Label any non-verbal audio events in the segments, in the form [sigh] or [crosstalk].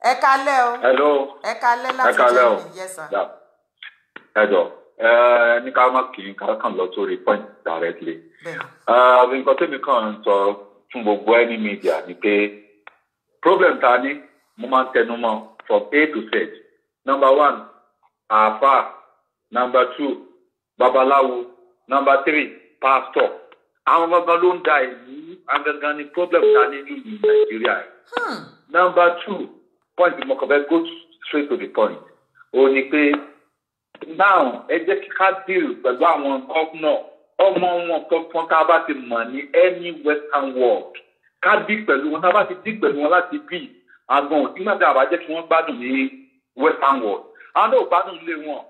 ẹ kalẹ o. hello ẹ kalẹ láti jẹ mi yes sir. ẹ jọ ẹ ní ká má kì í ká kàn lọ sórí point directly. nǹkan tẹ́mi kàn ń sọ fún gbogbo ẹni media ni pé problem ta ni mo máa ń tẹnu mọ́ from a to z number one àáfàá number two babaláwo number three pastor àwọn gangan ló ń da èyí àwọn ni problem ta ni ní nàìjíríà. Hmm. number two point bí mo kàn fẹ́ go straight to the point ó ní pé now ẹ jẹ́ kí ká deal pẹ̀lú àwọn gọ́fúnà ọmọ wọn kankan tá a bá ti mọ̀ ní any western world ká dí pẹ̀lú wọn tá a bá ti dí pẹ̀lú wọn láti bí àgbọn ìgbàgbọ́ àbájẹ́ kí wọ́n gbádùn ní western world àwọn náà gbádùn lé wọn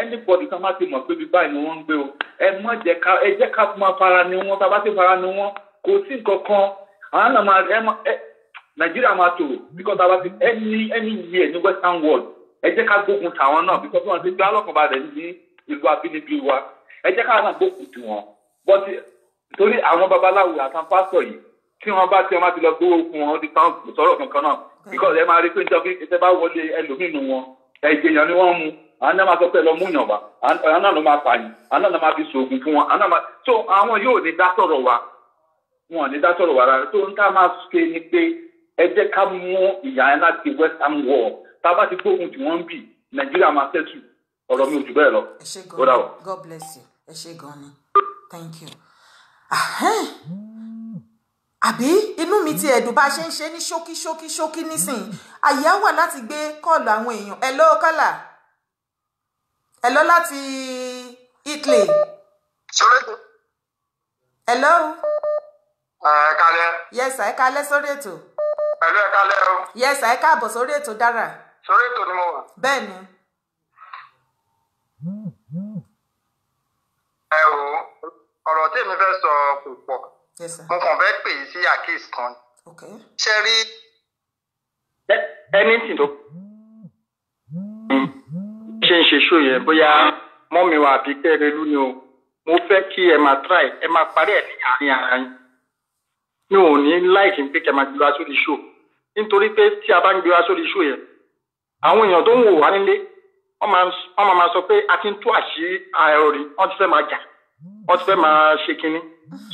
anybody kan má ti mọ̀ pé bí báyìí ni wọ́n ń gbé o ẹ mọ̀ jẹ́ ká ẹ jẹ́ ká máa fara ni wọ́n tá a bá ti fara ni wọ́n kò sí nǹkan kan àwọn náà máa ẹ Nigeria máa tòrò because àwa ti any ẹni yẹ ní western world ẹ jẹ́ ká gbógun tàwọn náà because wọ́n ti gbé alọ́kànbalẹ̀ ní ìlú abínibí wa ẹ jẹ́ ká náà gbógun tì wọ́n but torí àwọn babaláwo àtàwọn pásítọ̀ yìí tí wọ́n bá tí wọ́n bá ti lọ gbówó fún wọn ti tán sọ̀rọ̀ kankan náà because ẹ máa rí pé nítorí ìṣẹ́ bá wọlé ẹlòmínú wọn ẹ̀jẹ̀ yẹn ni wọ́n mú àwọn náà máa sọ pé lọ mú yàn wá àwọn náà ló máa pààyàn àwọn náà máa fi sòògùn fún wọn àwọn náà so àwọn yóò ní dá sọ̀rọ̀ wa wọn ò ní dá sọ̀rọ̀ wa rárá tó ń ká máa ṣe ni pé ẹ jẹ́ ká mú ìyá ẹ láti west ham wọ̀ tá a bá ti gbógun tí wọ́n ń bì nàìjíríà máa tẹ̀sù ọ̀rọ̀ mi ò jù bẹ́ẹ̀ lọ. ẹ ṣe gan god bless you ẹ ṣe gan ni thank you. àbí inú mi ti ẹ̀dùn bá a ṣe ń ṣe ní ṣókí ṣókí ṣókí nísìnyí àyà wà láti gbé kọ́ọ̀lù àwọn èèyàn ẹ lọ́ kọ́là ẹ lọ́ láti italy. hello. ẹ kálẹ́. yes ẹ kálẹ́ sórí ètò ẹ̀lú ẹ̀ka lẹ́rọ. yes ẹ káàbọ̀ sórí ètò dára. sórí ètò ni mo wà. bẹ́ẹ̀ ni. ẹ o ọ̀rọ̀ tí èmi fẹ́ sọ kò pọ̀ mo kàn fẹ́ pè é sí àkíyèsí kan ni. ṣe rí ẹni tí tó ṣe ń ṣe ṣó yẹn bóyá mọ́mi wa àbí kẹ́rẹ́lú ni o mo fẹ́ kí ẹ máa try ẹ máa parí ẹ̀ ní àárín ara yín mi ò ní láìkí pé kẹ́ máa gbé wa sórí ṣó nítorí pé tí a bá ń gbé wa sórí iṣu yẹn àwọn èèyàn tó ń wò wá nílé wọ́n máa sọ pé a ti ń tú àṣírí ẹ̀rọ rí wọ́n ti fẹ́ máa jà wọ́n ti fẹ́ máa ṣe kinní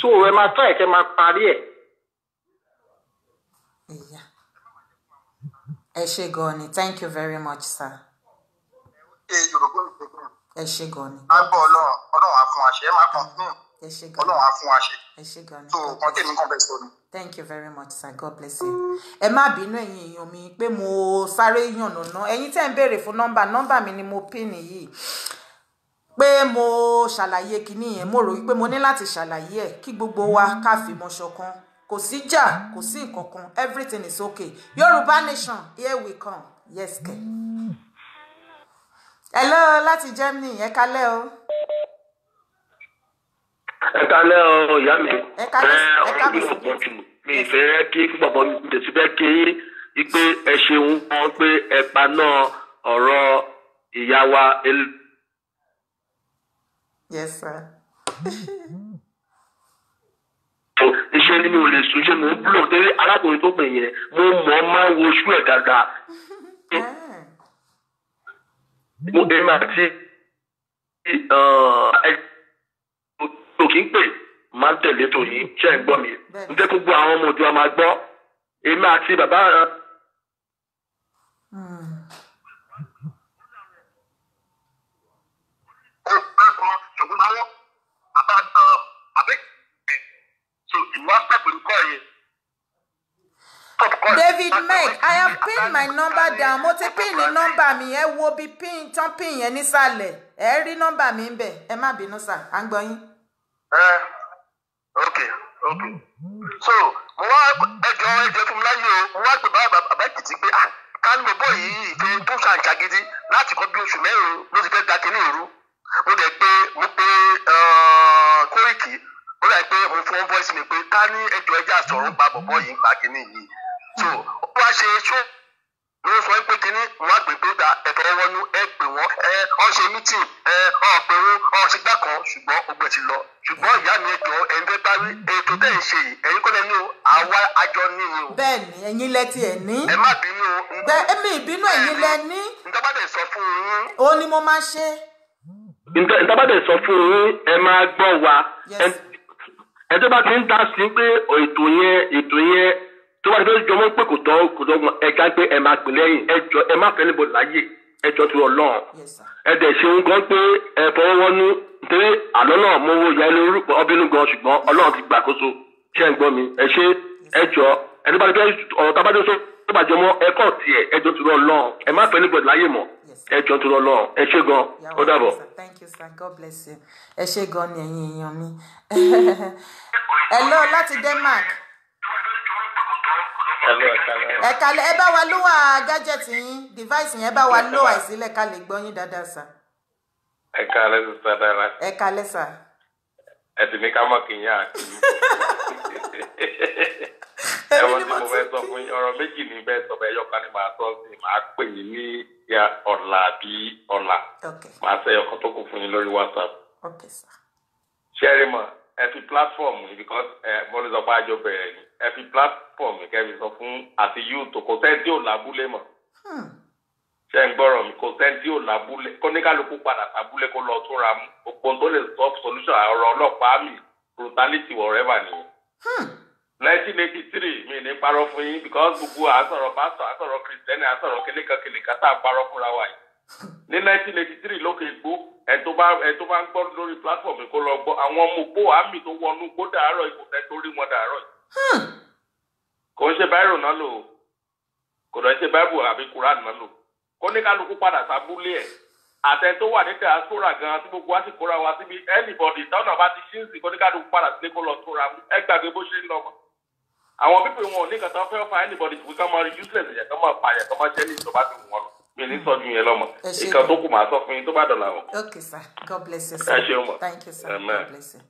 tó ẹ máa tá ẹ̀kẹ́ máa parí ẹ̀. ẹ ṣe gan thank you very much sir. ṣé yorùbá mi ṣe kí ẹ ṣe gan ni. gbọ́ ọlọ́run ọlọ́run á fún wa é máa kàn fún ọlọ́run á fún tó kàn tèmi kàn fẹ́ sọ ni thank you very much sir god bless you. ẹ má bínú ẹ̀yin èèyàn mi pé mo sáré yànnàná ẹ̀yin tẹ́ ń béèrè fún nọ́mbà nọ́mbà mi ni mo pín yìí pé mo ṣàlàyé kinní yẹn mo rò wípé mo ní láti ṣàlàyé ẹ̀ kí gbogbo wa ká fìmọ̀ ṣọ̀kan kò síjà kò sí nǹkan kan everything is okay yorùbá nation here we come yes ke. hello láti germany ẹ kálẹ́ o ẹ kalẹ ọ ìyá mi ẹ ọ̀rọ̀ mi ò pọ̀ jù mi ìfẹ́ kí bàbá mi tètè bẹ kí ipe ẹ ṣeun wọn pé ẹ paná ọ̀rọ̀ ìyá wa. yes sir. iṣẹ́ ni mi ò lè sùn ṣe mò ń búlọ̀ torí arákùnrin tó pè yẹn mo mọ̀ ọ́ máa wo oṣù ẹ̀ dáadáa. mo dé máa ti ẹ kì í pè máa tẹ̀lé tó yín ṣe ń gbọ́ mi ń fẹ́ kó gbọ́ àwọn ọmọ òdu àmà gbọ́ èmi àti bàbá. David Mike, I have pinned my number down. Mo ti pin ní nọ́mbà mi, ẹ wo bí pin tán pin yẹn nísàlẹ̀. Ẹ rí nọ́mbà mi ń bẹ̀, ẹ má bínú sà, à ń gbọ́ yín ẹ ok so mo wá ẹjọ ẹjọ fún mi láyé o mo wá pè bá bàbá èkìtì pé ah kánú mo bọ yìí tó tó ṣàǹṣà gidi láti kọ bí oṣù mẹ́rin ló ti fẹ́ da kínní ìrú mo dẹ̀ pé mo pé Kóríkì ó dà pé mo fún voice mi pé ká ní ẹjọ ẹjọ àsọ̀rọ̀ pa bọ̀bọ̀ yìí pa kínní yìí so ó wá ṣe ṣó wọ́n sọ pé kínní wọ́n á pè pé ta ẹ̀tọ́ wọnú ẹ pè wọ́n ẹ ọ́ ṣe mítìn ẹ ọ́ pè wọ́n ọ́ ṣe dákan ṣùgbọ́n ogun ti lọ ṣùgbọ́n ìyá mi ẹjọ́ ẹ̀yin fẹ́ bá ètò tẹ̀ ń ṣe yìí ẹ̀yin kọ́lẹ̀ ní o àwa àjọ ní o. bẹ́ẹ̀ni ẹ̀yin lẹ ti ẹ ní. ẹ má bínú o. bẹ́ẹ̀ èmi ìbínú ẹ̀yin lẹ ní. ntọ́bàdàn sọ fún yín. ó ní mo máa ṣe. ntọ́bàdàn sọ fún yín ẹ máa gbọ́ wa ẹ tó tó wà ní bẹ́ẹ̀ jọmọ́ pé kò tọ́ kò tọ́ ẹ ká pé ẹ máa pè lẹ́yìn ẹ jọ ẹ má fẹ́ níbo láàyè ẹ jọ tó ọlọ́run ẹ dẹ̀ ṣeun gan pé ẹ fọwọ́ wọnú pé àlọ́ náà mo wo ìyá ilé orúkọ ọbínú gan ṣùgbọ́n ọlọ́run ti gbàkóso ṣé ń gbọ́ mi ẹ ṣe ẹ jọ ẹ nípa ní bẹ́ẹ̀ ọ̀rọ̀ tá a bá dé sọ tó bá jọmọ́ ẹ kọ́ tiẹ̀ ẹ jọ tó ọlọ́run ẹ má fẹ́ níbo láàyè mọ́ ẹ jọ tó ọlọ́run ẹ ṣe gan ó dàbọ̀. thank you sir god bless you ẹ ṣe gan ni ẹ̀yin èèyàn mi. [laughs] hello láti Denmark. ẹ̀ka ẹ bá wa lówà gájẹ́tì yín device yẹn bá wa lówà ìsílẹ̀ ká lè gbọ́ yín dáadáa sa. ẹ̀ka alẹ́ dára. ẹ̀ka alẹ́ sà. ká mọ̀ kí n yá àti. [laughs] mo fẹ́ sọ fún yín ọ̀rọ̀ méjì ní bẹ́ẹ̀ sọ bẹ́ẹ̀ yọkan màá sọ ọ̀la àbí ọ̀la màá tó WhatsApp. mọ̀ Eh, ẹ fi platform yìí because ẹ bọ́lú sọ pé àjọ bẹ̀rẹ̀ ni ẹ platform yìí kẹ́ fi sọ fún àti youth kò sẹ́ńtì ò lábúlé mọ̀ hmm. ṣe ń gbọ́rọ̀ mi kò sẹ́ńtì ò lábúlé kó ní kálukú padà sábúlé kó lọ túnra mú òpó tó lè sọ solution ọ̀rọ̀ ọlọ́pàá mi brutality whatever nìyẹn. Hmm. nineteen eighty three mi ní parọ́ fún yín because gbogbo àásọ̀rọ̀ pásọ̀ àásọ̀rọ̀ kìrìsìtẹ́nì àásọ̀rọ̀ kìnìkan kìnìkan tá à ń parọ́ fúnra wa yìí hmm. ní nineteen eighty three lókè gbó ẹtọ bá ẹtọ bá ń gbọ́ lórí platform kó lọ gbọ́ àwọn ọmọ ògbó àmì tó wọnú gbó dàárọ̀ ipò tẹtọ rí wọn dàárọ̀ yìí. kò ń ṣe báírò náà lò kò dọ̀ ń ṣe báírò àbí kuran náà lò kó ní kálukú padà sábúlé ẹ̀ àtẹ̀tọ́ wà ní diaspora gan-an tí gbogbo wa sì kóra wa síbi anybody tọ́nà bá ti ṣíǹsì kó ní kálukú padà sílé kó lọ tóra ẹ gbàgbé bó ṣe ń lọ mọ̀ àwọn pípé wọn ò ní kàtà fẹ́ fa anybody kí wọ́n máa useless yẹ kí wọ́n máa pààyàn kí wọ́n máa ṣẹ́ ní ìjọba mi ní yẹn lọ mọ tó kù máa sọ fún yín tó bá dọ̀là wọn. ok sir god bless you sir ẹ ṣeun mọ thank you sir Amen. god bless you.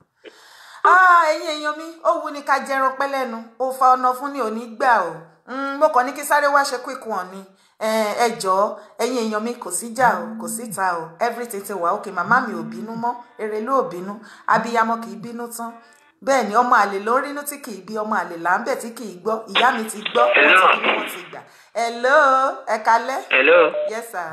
ah ẹ̀yin èèyàn mi ó wù ní ká jẹran pẹ́ lẹ́nu ó fa ọ̀nà fún ni ò ní gbà o mm, mo kàn ní kí sáré wá ṣe quick one ni ẹ jọ̀ọ́ ẹ̀yin èèyàn mi kò sí jà o kò sí ta o everything ti wà òkè màmá mi ò bínú mọ́ èrè ló bínú abiyamọ kì í bínú tán bẹ́ẹ̀ ni ọmọ àlè ló ń rínú tí kì í bí ọmọ àlè là ń bẹ̀ tí kì í gbọ́ ìyá mi ti gbọ́ wọ́n ti kí wọ́n ti gbà. hello ẹ kalẹ́. hello. yes sir.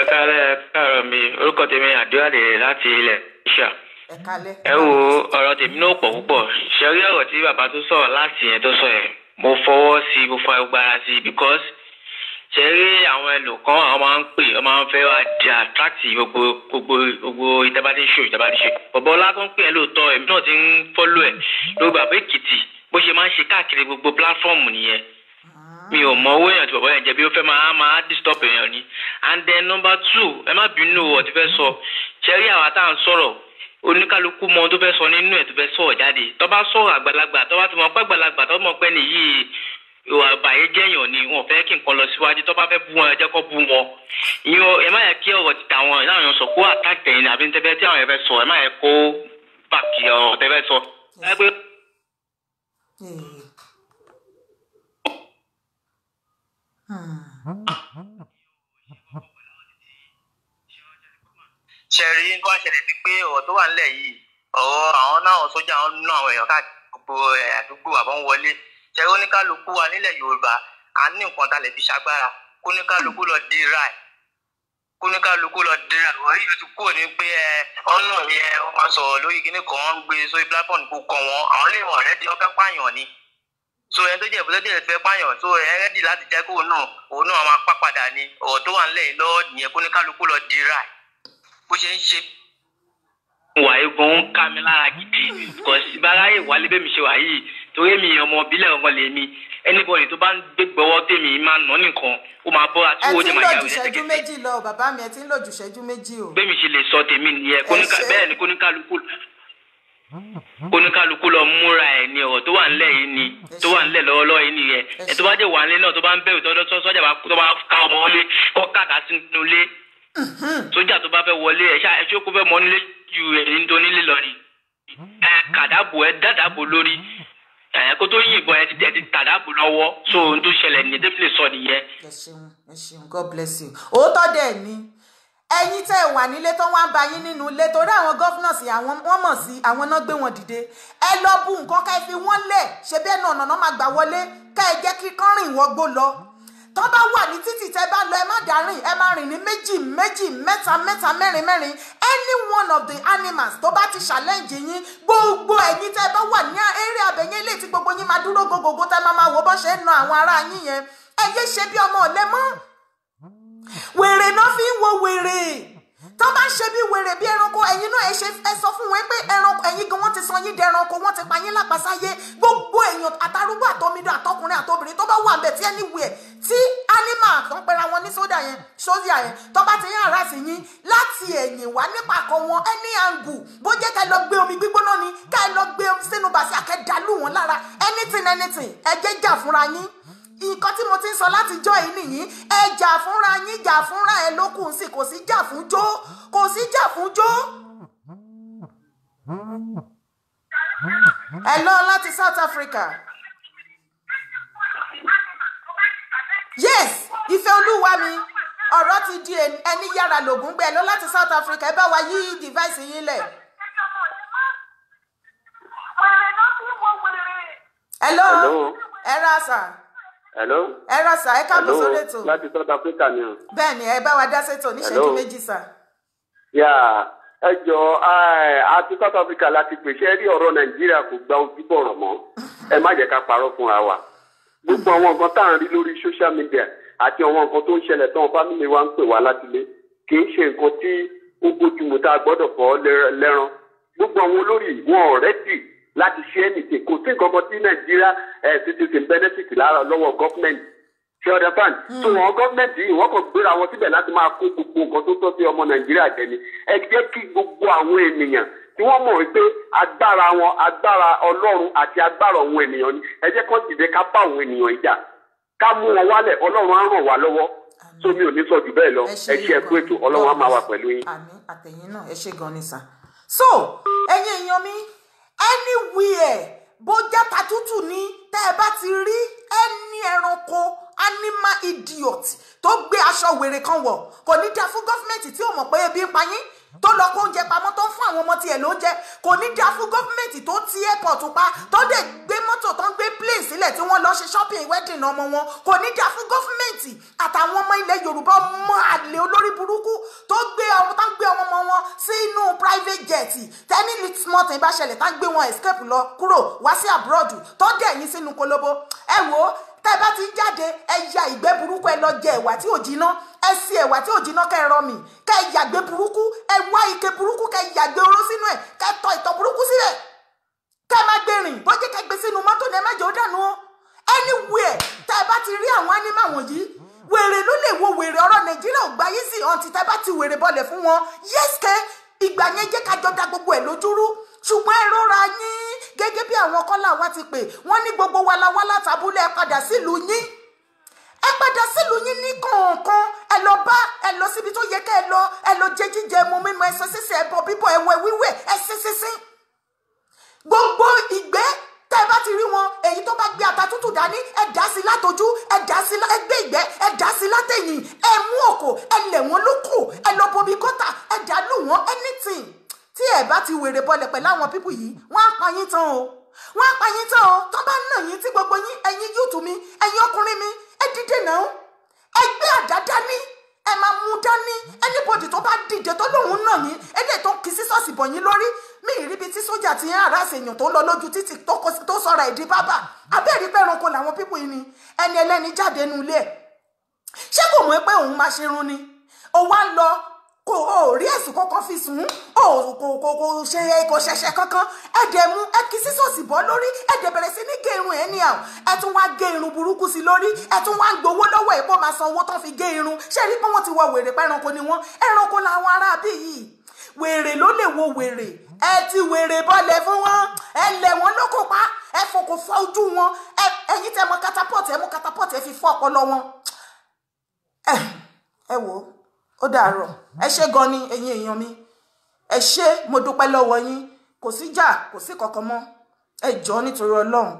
ẹ kalẹ́ ẹ káàárọ̀ mi orúkọ tèmi àdúrà lè láti ilẹ̀ ìṣà. ẹ kalẹ́. ẹ wo ọ̀rọ̀ tèmi náà pọ̀ púpọ̀ ṣe rí ọ̀rọ̀ tí bàbá tó sọ̀rọ̀ láti yẹn tó sọ yẹn mo fọwọ́ sí mo fa ṣe rí àwọn ẹlòkan àwọn máa ń pè ọ máa ń fẹ́ wá di àtàkì gbogbo gbogbo gbogbo ìjábádé ṣò ìjábádé ṣò bọ̀bọ̀ ọlá tó ń pè ẹ́ lóòótọ́ èmi náà ti ń fọ́lọ́ ẹ̀ lórí bàbá èkìtì bó ṣe máa ń ṣe káàkiri gbogbo pílátọ́ọ̀mù nìyẹn mi ò mọ owó èèyàn tí bàbá yẹn jẹ bí ó fẹ́ máa máa disturb èèyàn ni and then number two ẹ má bínú ọ ti fẹ́ sọ ṣe àwa tá à ń sọ̀rọ̀ oníkálukú mọ tó fẹ́ sọ nínú ẹ̀ tó fẹ́ sọ̀rọ̀ jáde tó bá sọ̀rọ̀ àgbàlagbà tó bá ti mọ̀ pé àgbàlagbà tó mọ̀ pé nìyí ìwà àbàyè jẹyàn ni wọn fẹ́ kí nǹkan lọ síwájú tó bá fẹ́ bú wọn ẹ jẹ́ kó bú wọn ìyẹn ẹ má yẹ kí ọ̀rọ̀ ti tàwọn ẹ láwọn sọ kó àtàkì ẹ̀yìn àbí tẹbẹ tí àwọn ẹ fẹ́ sọ ẹ má yẹ kó bàkì ọ̀rọ̀ tẹbẹ sọ. Hmm. Hmm. Hmm. ṣẹ̀rí nǹkan ṣẹlẹ̀ ni pé ọ̀rọ̀ tó wà nílẹ̀ yìí ọ̀rọ̀ àwọn náà sójà ń ná àwọn èèyàn káàkiri gbogbo eh, àdúgbò àbọ̀wọlé jẹ́rọ oníkálukú wa nílẹ̀ yorùbá à ń ní nǹkan tá lè fi ṣagbára kóníkálukú lọ dira ẹ̀ kóníkálukú lọ dira ẹ̀ wọ́n yóò ti kúrò ní pé ẹ ọ̀nà yẹ wọ́n máa sọ̀rọ̀ lórí kíní kan ń gbé sórí platform kó kàn wọ́n àwọn lè wọ̀n rẹ́dí ọ̀fẹ́ pààyàn ni so ẹni tó jẹ́ ìbúlẹ́ dẹ̀ fẹ́ pààyàn so ẹ rẹ́dí láti jẹ́ kó náà òun náà máa pápádà ni ọ̀rọ̀ tó wà wà yìí gan ń ká mi lára gidi kò sí báráyè wálé bẹ́ẹ̀ mi ṣe wà torí mi ọmọ ìbílẹ̀ ọ̀gbọ̀n lèmi anybody tó bá ń gbé gbọ́wọ́ tèmi máa ń nà nìkan ó máa bọ́ra tí owó jẹ́ màá yà wọ́n ti ń jù ṣẹ́jú méjì lọ bàbá mi ẹ ti ń lò jù ṣẹ́jú méjì o. lọ múra ẹ ní ọ̀rọ̀ tó wà ńlẹ̀ yìí ni tó wà ńlẹ̀ lọ́wọ́lọ́wọ́ yìí nìyẹn ẹ tó bá jẹ wà ńlẹ̀ náà tó bá ń bẹ̀rù tó bá ká ọmọ wọlé kọ káàkà sínú ilé sójà tó bá fẹ́ wọlé ẹ̀ ṣá ẹṣẹ́ kó fẹ́ mọ nílé ju ẹ̀yìn tó nílé lọ ni ẹ kàdábò ẹ dàdàbò lórí ẹ kó tó yìnbọn ẹ ti tẹ ti tàdàbò lọ́wọ́ so ohun tó ṣẹlẹ̀ ní débìlì sọ nìyẹn. ẹ ṣeun ẹ ṣeun god bless you òótọ́ dẹ̀ ni ẹ̀yin tẹ́ ẹ wà nílé tó wá ń ba yín nínú ilé torí àwọn gọ́fúnọ̀sì àwọn wọ́n mọ̀ sí àwọn náà gbé wọn dìde ẹ lọ bu nǹkan ká ẹ fi wọ́n lẹ̀ ṣe bẹ́ẹ̀ náà ọ̀nà náà máa gbà wọlé ká ẹ jẹ́ kí kọ́rìn wọ́gbó lọ tó bá wà ní títì tẹ́ bá lọ ẹ má dárìn ẹ má rìn ní méjì méjì mẹ́ta mẹ́ta mẹ́rin mẹ́rin any one of the animals tó bá ti challenge yín gbogbo ẹ̀yin tẹ́ bá wà ní eré abẹ̀yẹn ilé tí gbogbo yín máa dúró gogogo tẹ́ máa máa wò bó ṣe ń na àwọn ará yín yẹn ẹ yé ṣe bí ọmọ ọ̀lẹ mọ́ wèrè náà fi ń wo wèrè tó bá ṣe bí wèrè bí ẹranko ẹ̀yin náà ẹ ṣe ẹ sọ fún wọn pé ẹranko ẹ̀yin gan wọ́n ti san yín dẹranko wọ́n ti pa yín lápasáyé gbogbo èèyàn àtàrúgbó àtọmídọ àtọkùnrin àtobìnrin tó bá wà bẹ tí anywhere tí animal kan pera wọn ní sódà yẹn sódà yẹn tó bá ti yín ara sí yín láti ẹ̀yìn wá nípa kọ wọn any angle bó jẹ́ ká lọ gbé omi gbígbóná ni ká lọ gbé sínú bàṣẹ akẹ́dàlú wọn lára anything anything ẹ jà fúnra yín nǹkan tí mo ti ń sọ látijọ́ yìí nìyí ẹ jà fúnra yín jà fúnra ẹ lókun sí kò sí jà fún jó kò sí jà fún jó. ẹ lọ láti South Africa. yes ìfẹ́ olúwa mi ọ̀rọ̀ ti di ẹni yára lògùn gbẹ lọ láti South Africa ẹ bá wa yí device yín lẹ̀. hello ẹ ra sà hello. ẹ rọ sà ẹ káàbọ̀ sórí ètò. láti south africa ni o. bẹ́ẹ̀ ẹ bá wa dá sétò ní ìṣẹ́jú méjì sà. yà ẹ jọ àti south africa láti pèsè ẹ rí ọ̀rọ̀ nàìjíríà kò gba ojúbọ̀rọ̀ mọ́ ẹ má jẹ́ ká parọ́ fúnra wa gbogbo àwọn nǹkan tá à ń rí lórí social media àti àwọn nǹkan tó ń ṣẹlẹ̀ tán fámìlì wa ń pè wá látilé kì í ṣe nǹkan tí ó bójúmu tá a gbọ́dọ̀ fọ́ lẹ́ran gbogbo àwọn olórí wọn ọ̀rẹ́dì láti ṣe ẹnìtì kò sí nǹkan kan tí nàìjíríà ẹ eh, ti ti sìn benefit lára lọ́wọ́ gọ́fúmẹ̀ntì ṣé ọ̀dà fan tó hmm. wọn gọ́fúmẹ̀ntì yìí wọ́n gbéra wọn síbẹ̀ láti máa kó gbogbo nǹkan tó tọ́ sí ọmọ nàìjíríà jẹ ni ẹ jẹ́ kí gbogbo àwọn ènìyàn tí wọ́n mọ̀ wípé agbára wọn agbára ọlọ́run àti agbára òun ènìyàn ni ẹ jẹ́ kán dìde ká bá òun ènìyàn ìjà ká mú wọn wálẹ̀ ọlọ́run á ràn wá lọ́wọ́ tó mi ò ní sọ jù bẹ́ẹ̀ lọ ẹ ṣe ẹkú ètò ọlọ́run á máa wà pẹ̀lú yín. àmín àtẹ̀yìn náà ẹ ṣe gan ni sà. so ẹ̀yin èèyàn mi anywhere bó jẹ́ tatútù ni, tẹ́ ẹ bá ti rí ẹni ẹranko animal idiot tó gbé aṣọ wèrè kan wọ̀ kò ní dá fún gọ́fìmẹ̀ntì tí ò mọ̀ pé ebi ń pa yín tó lọ kó oúnjẹ pamọ́ tó ń fún àwọn ọmọ tiẹ̀ lóúnjẹ kò ní dá fún gọ́fìmẹ̀ntì tó ti airport pa tó dẹ̀ gbé mọ́tò tó ń gbé plane sílẹ̀ tí wọ́n lọ ṣe shopping wedding ọmọ wọn kò ní dá fún gọ́fìmẹ̀ntì àtàwọn ọmọ ilẹ̀ Yorùbá ọmọ àlè olórí burúkú tó gbé ọmọ tá ń gbé ọmọ wọn sínú private jet tẹ́ni litmọ́tì ìbáṣẹlẹ̀ tá ń gbé wọn escape lọ kúrò wá sí abroad tó dẹ̀ yín sínú kolobo ẹ wo tẹ́ ẹ bá ti ń jáde ẹ ya ìgbẹ́ burúkú ẹ lọ jẹ ẹ̀wà tí ò jiná ẹ sí ẹ̀wà tí ò jiná kẹ́ ẹ rọmì kẹ́ ẹ yàgbẹ́ burúkú ẹ wá ike burúkú kẹ́ ẹ yàgbẹ́ oró sínú ẹ̀ kẹ́ ẹ tọ ìtọ̀ burúkú sílẹ̀ kẹ́ má gbé rìn bó jẹ́ gbé sínú mọ́tò ni ẹ ó dànù o anywhere tẹ́ ẹ bá ti rí àwọn ánímà wọ̀nyí wèrè ló lè wo wèrè ọ̀rọ̀ nàìjíríà ò gbáyé sí ọ̀ǹtì tẹ́ ẹ bá ti wèrè bọlẹ̀ fún wọn yẹ́sìkẹ́ ìgbà gẹ́gẹ́ bí àwọn kọ́là wa ti pè wọ́n ní gbogbo wa la wá látàbúlẹ̀ ẹ padà sílùú yín ẹ padà sílùú yín ní kọ̀ọ̀kan ẹ lọ bá ẹ lọ síbi tó yẹ ká ẹ lọ ẹ lọ jẹ jíjẹ mu mímu ẹsẹ sísè ẹbọ bíbọ ẹwẹ wíwẹ̀ ẹ sísísí gbogbo ìgbé tẹ ẹ bá ti rí wọn èyí tó bá gbé ata tútù dání ẹ dá sí látojú ẹ dá sí ẹ gbé ìgbẹ́ ẹ dá sí látẹ̀yìn ẹ mú òkò ẹ lẹ̀ wọ́n lókù ẹ lọ bomi gọ́tà ẹ dá lù wọ́n anything tí ẹ bá ti wèrè bọlẹ̀ pẹ̀lú àwọn pípù yìí wọ́n á pa yín tán o wọ́n á pa yín tán o tó bá nà yín tí gbogbo yín ẹ̀yin yúùtù mi ẹ̀yin ọkùnrin mi ẹ dìde náà ẹ gbé àdá dání ẹ máa mú dání ẹnibodì tó bá dìde tó lóun nà yín ẹdẹ tó kì í sí ṣọ́ọ̀ṣì bọ̀ yín lórí mi ì ríbi tí sójà ti ń àràsì èèyàn tó ń lọ lójú títì tó sọra ìdí bábà abẹ́ẹ̀rí pé làwọn pípù yìí ni ẹni ẹlẹ́ni jáde nulẹ̀ ṣé kò mọ̀ pé òun máa ṣe ni òun wá lọ kò o rí ẹ̀sùn kankan fi sùn o kò kò kò ṣe kò ṣẹ̀ṣẹ̀ kankan ẹ̀dẹ̀ mú ẹ̀kí sísòsì bọ́ lórí ẹ̀dẹ̀ bẹ̀rẹ̀ sí ní gé irun ẹ̀ ní ẹ̀ ẹ̀ tún wá gé irun burúkú sí lórí ẹ̀ tún wá ń gbowó lọ́wọ́ ẹ̀ bọ́ máa san owó tán fi gé irun ṣé rí pé wọ́n ti wọ wèrè pé ẹranko ni wọ́n ẹranko làwọn ará bí yìí wèrè ló lè wo wèrè ẹ ti wèrè bọ́lẹ̀ fún wọn ẹ lẹ̀ wọ́n lóko pa ẹ fòkò fọ ojú wọn ẹ ẹyin tẹ mọ katapọ́ọ̀tì ẹ mú katapọ́ọ̀tì ẹ fi fọ́ ọpọlọ wọn ẹ ẹ wò ó ó dàárọ̀ ẹ ṣé gan ni ẹ̀yin èèyàn mi ẹ ṣé mo dúpẹ́ lọ́wọ́ yín kò síjà kò sí kankan mọ́ ẹ jọ̀ọ́ nítorí Ọlọ́run